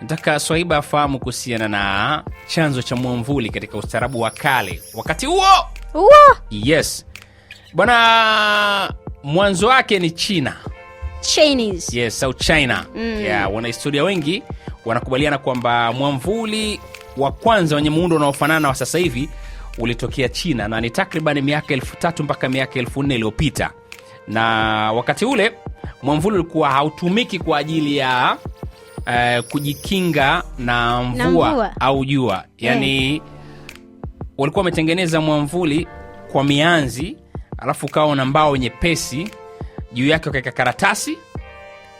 nataka Swaiba afahamu kuhusiana na chanzo cha mwamvuli katika ustaarabu wa kale wakati huo Yes bwana, mwanzo wake ni China. Chinese. Yes, au China. Mm. Yeah, wanahistoria wengi wanakubaliana kwamba mwamvuli wa kwanza wenye muundo unaofanana wa sasa hivi ulitokea China na ni takriban miaka elfu tatu mpaka miaka elfu nne iliyopita, na wakati ule mwamvuli ulikuwa hautumiki kwa ajili ya uh, kujikinga na mvua, na mvua au jua eh. yani yeah. Walikuwa wametengeneza mwamvuli kwa mianzi, alafu ukawa na mbao nyepesi juu yake wakaweka karatasi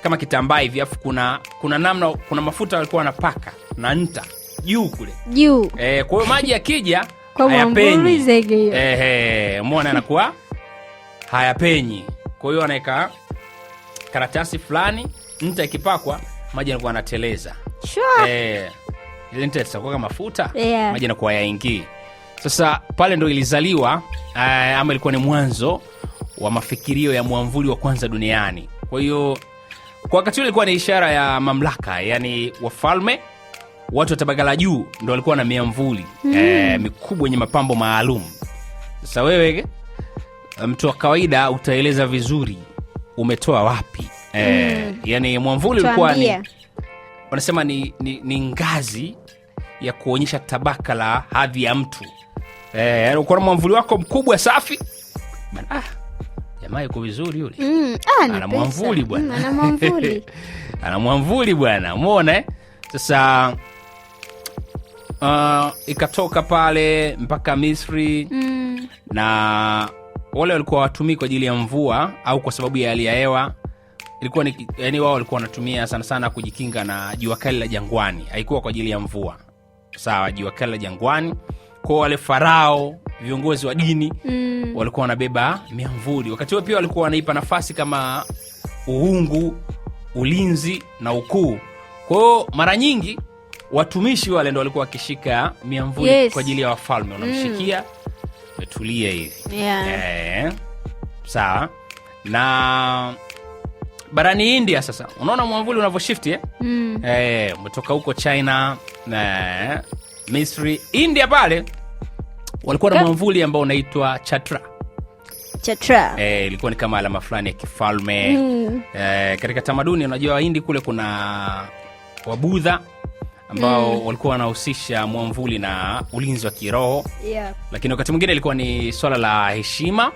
kama kitambaa hivi, alafu kuna kuna namna kuna mafuta walikuwa wanapaka na nta juu kule juu eh, kwa hiyo maji yakija mona anakuwa hayapenyi. Kwa hiyo anaweka karatasi fulani, nta ikipakwa maji anakuwa anateleza sure. Eh, ile nta itakuwa mafuta yeah. maji anakuwa yaingii. Sasa pale ndo ilizaliwa eh, ama ilikuwa ni mwanzo wa mafikirio ya mwamvuli wa kwanza duniani. Kwa hiyo kwa wakati huo ilikuwa ni ishara ya mamlaka, yani wafalme, watu wa tabaka la juu ndo walikuwa na miamvuli mm. eh, mikubwa yenye mapambo maalum. Sasa wewe mtu wa kawaida utaeleza vizuri umetoa wapi eh, mm. Yani mwamvuli ulikuwa ni wanasema ni, ni, ni ngazi ya kuonyesha tabaka la hadhi ya mtu eh, yani na mwamvuli wako mkubwa safi Man, ah, jamaa yuko vizuri yule mm, ah, mm ana mwamvuli bwana mm, ana mwamvuli ana mwamvuli bwana umona eh? sasa uh, ikatoka pale mpaka misri mm. na wale walikuwa watumii kwa ajili ya mvua au kwa sababu ya hali ya hewa ilikuwa ni yani, wao walikuwa wanatumia sana sana kujikinga na jua kali la jangwani, haikuwa kwa ajili ya mvua. Sawa, jua kali la jangwani kwa wale farao viongozi wa dini mm. walikuwa wanabeba miamvuli wakati huo, pia walikuwa wanaipa nafasi kama uungu, ulinzi na ukuu. Kwa hiyo mara nyingi watumishi wale ndo walikuwa wakishika miamvuli yes. kwa ajili ya wafalme mm. wanamshikia mm. tulia hivi yeah. E, sawa na barani India. Sasa unaona mwamvuli unavyoshift eh? mm. Eh, umetoka huko China eh, Misri, India pale walikuwa na mwamvuli ambao unaitwa chatra Eh, ilikuwa ni kama alama fulani ya kifalme mm. Eh, katika tamaduni unajua waindi kule kuna Wabudha ambao mm. walikuwa wanahusisha mwamvuli na ulinzi wa kiroho yeah. Lakini wakati mwingine ilikuwa ni swala la heshima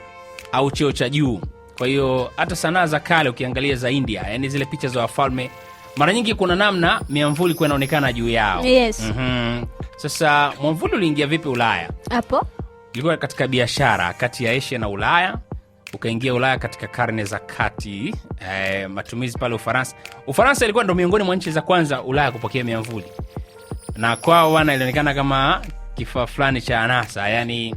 au cheo cha juu kwa hiyo hata sanaa za kale ukiangalia za India, yani zile picha za wafalme, mara nyingi kuna namna miamvuli kuwa inaonekana juu yao. Yes. mm -hmm. Sasa mwamvuli uliingia vipi Ulaya? Hapo ilikuwa katika biashara kati ya Asia na Ulaya, ukaingia Ulaya katika karne za kati eh, matumizi pale Ufaransa. Ufaransa ilikuwa ndo miongoni mwa nchi za kwanza Ulaya kupokea miamvuli, na kwao wana ilionekana kama kifaa fulani cha anasa, yani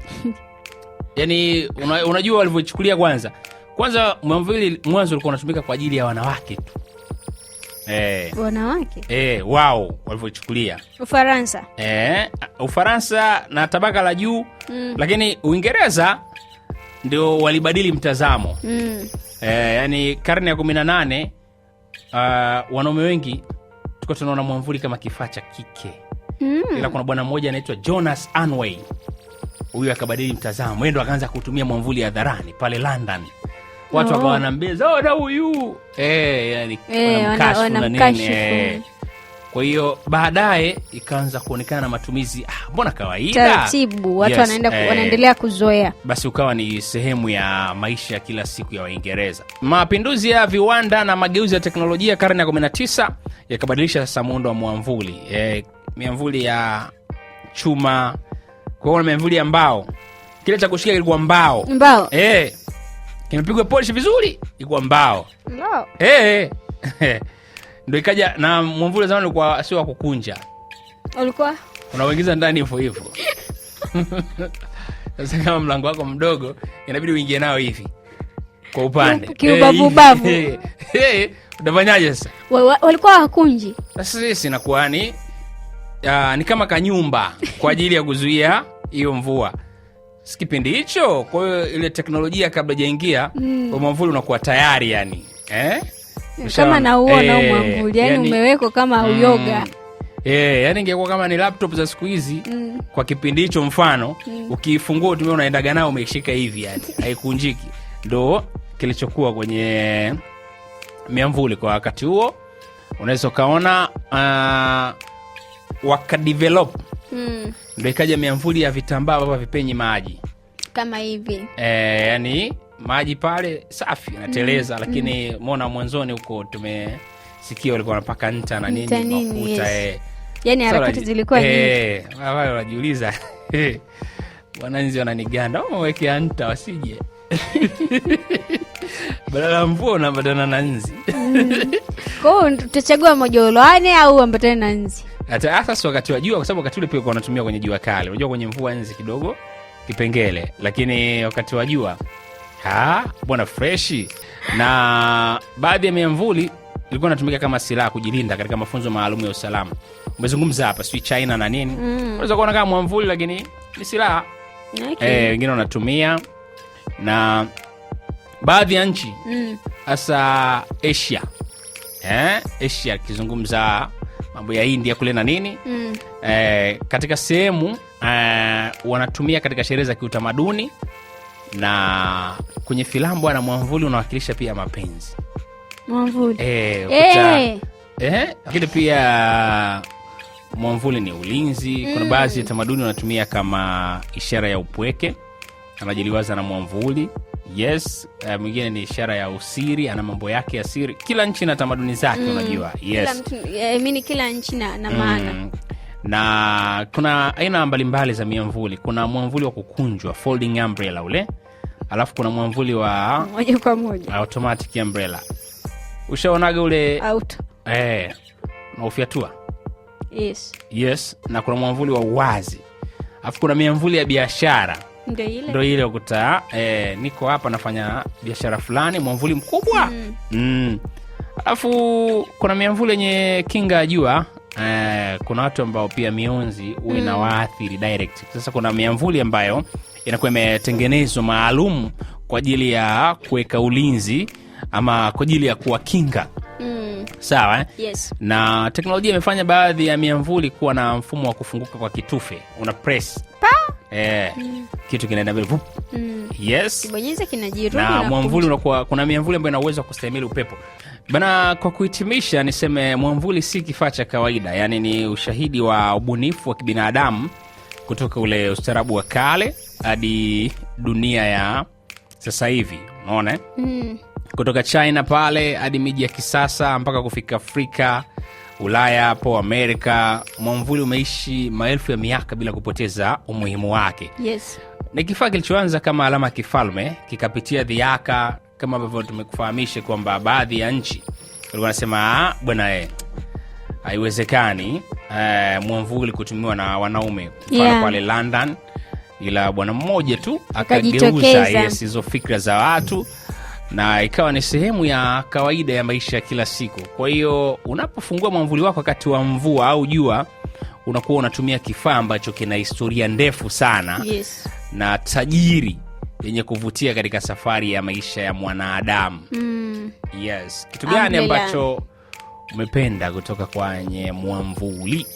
yani unajua walivyochukulia kwanza kwanza Mwamvuli mwanzo ulikuwa unatumika kwa ajili ya wanawake tu eh, wanawake eh, wao walivyochukulia Ufaransa eh, Ufaransa na tabaka la juu mm. Lakini Uingereza ndio walibadili mtazamo mm. Eh, yani karne ya kumi na nane uh, ah, wanaume wengi tuko tunaona Mwamvuli kama kifaa cha kike mm. Ila kuna bwana mmoja anaitwa Jonas Anway, huyu akabadili mtazamo, ndo akaanza kutumia mwamvuli hadharani pale London watu wakawa wanambeza oh, huyu eh, yani eh, eh. Kwa hiyo baadaye ikaanza kuonekana na matumizi ah, mbona kawaida taratibu, watu yes, eh, kuzoea, basi ukawa ni sehemu ya maisha ya kila siku ya Waingereza. Mapinduzi ya viwanda na mageuzi ya teknolojia karne ya 19 yakabadilisha sasa muundo wa mwamvuli eh, miamvuli ya chuma kwa na miamvuli ya mbao, kile cha kushika kilikuwa mbao, mbao. Eh, imepigwa polish vizuri, ikuwa mbao no. Hey, hey. Ndo ikaja na mwamvuli zamani kwa sio wa kukunja, ulikuwa unauingiza ndani hivo hivo Sasa kama mlango wako mdogo, inabidi uingie nao hivi kwa upande kiubavubavu. hey, eh, hey. Eh, utafanyaje sasa? Walikuwa wakunji. Sasa sisi nakuwa ni uh, ni kama kanyumba kwa ajili ya kuzuia hiyo mvua skipindi hicho. Kwa hiyo ile teknolojia kabla jaingia mm. mwamvuli unakuwa tayari yani eh? kama nauona ee, mwamvuli yani, yani umewekwa kama mm. uyoga Yeah, yani ingekuwa kama ni laptop za siku hizi mm. kwa kipindi hicho mfano mm. ukiifungua utumia unaendaga nao umeishika hivi yani haikunjiki. Ndo kilichokuwa kwenye miamvuli kwa wakati huo, unaweza ukaona uh, wakadevelop mm. Ndio ikaja miamvuli ya vitambaa ambavyo havipenyi maji kama hivi e, yani maji pale safi yanateleza mm. Lakini mm. mona mwanzoni huko tumesikia walikuwa wanapaka nta na nini mafuta e. Yani harakati zilikuwa e, wale wanajiuliza wananzi wananiganda oh, waweke nta wasije badala ya mvua unaambatana na nzi. Mm. Kwa hiyo tutachagua moja uloane au uambatane na nzi. Hata hasa wakati wa jua, kwa sababu wakati ule pia wanatumia kwenye jua kali. Unajua kwenye mvua nzi kidogo kipengele, lakini wakati wa jua bwana freshi. Na baadhi ya miamvuli ilikuwa inatumika kama silaha kujilinda katika mafunzo maalum ya usalama. Umezungumza hapa sijui China na nini, mm. unaweza kuona kama mwamvuli, lakini ni silaha. Okay. Eh, wengine wanatumia na baadhi ya nchi mm. hasa mm. Asia eh, Asia akizungumza mambo ya India kule na nini mm. eh, katika sehemu eh, wanatumia katika sherehe za kiutamaduni na kwenye filamu bwana, mwamvuli unawakilisha pia mapenzi eh, eh! Eh, lakini pia mwamvuli ni ulinzi. Kuna mm. baadhi ya tamaduni wanatumia kama ishara ya upweke, anajiliwaza na mwamvuli yes uh, mwingine ni ishara ya usiri ana mambo yake ya siri kila nchi na tamaduni zake mm. unajua yes. mini eh, kila nchi na, na maana mm na kuna aina mbalimbali za miamvuli kuna mwamvuli wa kukunjwa folding umbrella ule alafu kuna mwamvuli wa moja kwa moja automatic umbrella ushaonaga ule auto eh, naufyatua yes. yes na kuna mwamvuli wa uwazi alafu kuna miamvuli ya biashara ndo ile ukuta eh, niko hapa nafanya biashara fulani mwamvuli mkubwa mm. Mm. alafu kuna miamvuli yenye kinga ya jua eh, kuna watu ambao pia mionzi huwa mm. inawaathiri mm. direct sasa kuna miamvuli ambayo inakuwa imetengenezwa maalum kwa ajili ya kuweka ulinzi ama kwa ajili ya kuwakinga mm. sawa eh? yes. na teknolojia imefanya baadhi ya miamvuli kuwa na mfumo wa kufunguka kwa kitufe una press pa! eh, mm. kitu kinaenda mbele mm. yes. na mwamvuli unakuwa, kuna miamvuli ambayo ina uwezo wa kustahimili upepo bana. Kwa kuhitimisha, niseme mwamvuli si kifaa cha kawaida, yaani ni ushahidi wa ubunifu wa kibinadamu kutoka ule ustaarabu wa kale hadi dunia ya sasa hivi, unaona mm. kutoka China pale hadi miji ya kisasa mpaka kufika Afrika Ulaya hapo Amerika, mwamvuli umeishi maelfu ya miaka bila kupoteza umuhimu wake. Yes, ni kifaa kilichoanza kama alama ya kifalme kikapitia dhiaka, kama ambavyo tumekufahamisha kwamba baadhi ya nchi walikuwa wanasema ah, bwana e, haiwezekani eh, mwamvuli kutumiwa na wanaume, mfano yeah, pale London, ila bwana mmoja tu akageuza hizo yes, fikra za watu na ikawa ni sehemu ya kawaida ya maisha ya kila siku. Kwa hiyo unapofungua mwamvuli wako wakati wa mvua au jua, unakuwa unatumia kifaa ambacho kina historia ndefu sana yes. na tajiri yenye kuvutia katika safari ya maisha ya mwanadamu mm. yes. Kitu gani ambacho umependa kutoka kwenye mwamvuli?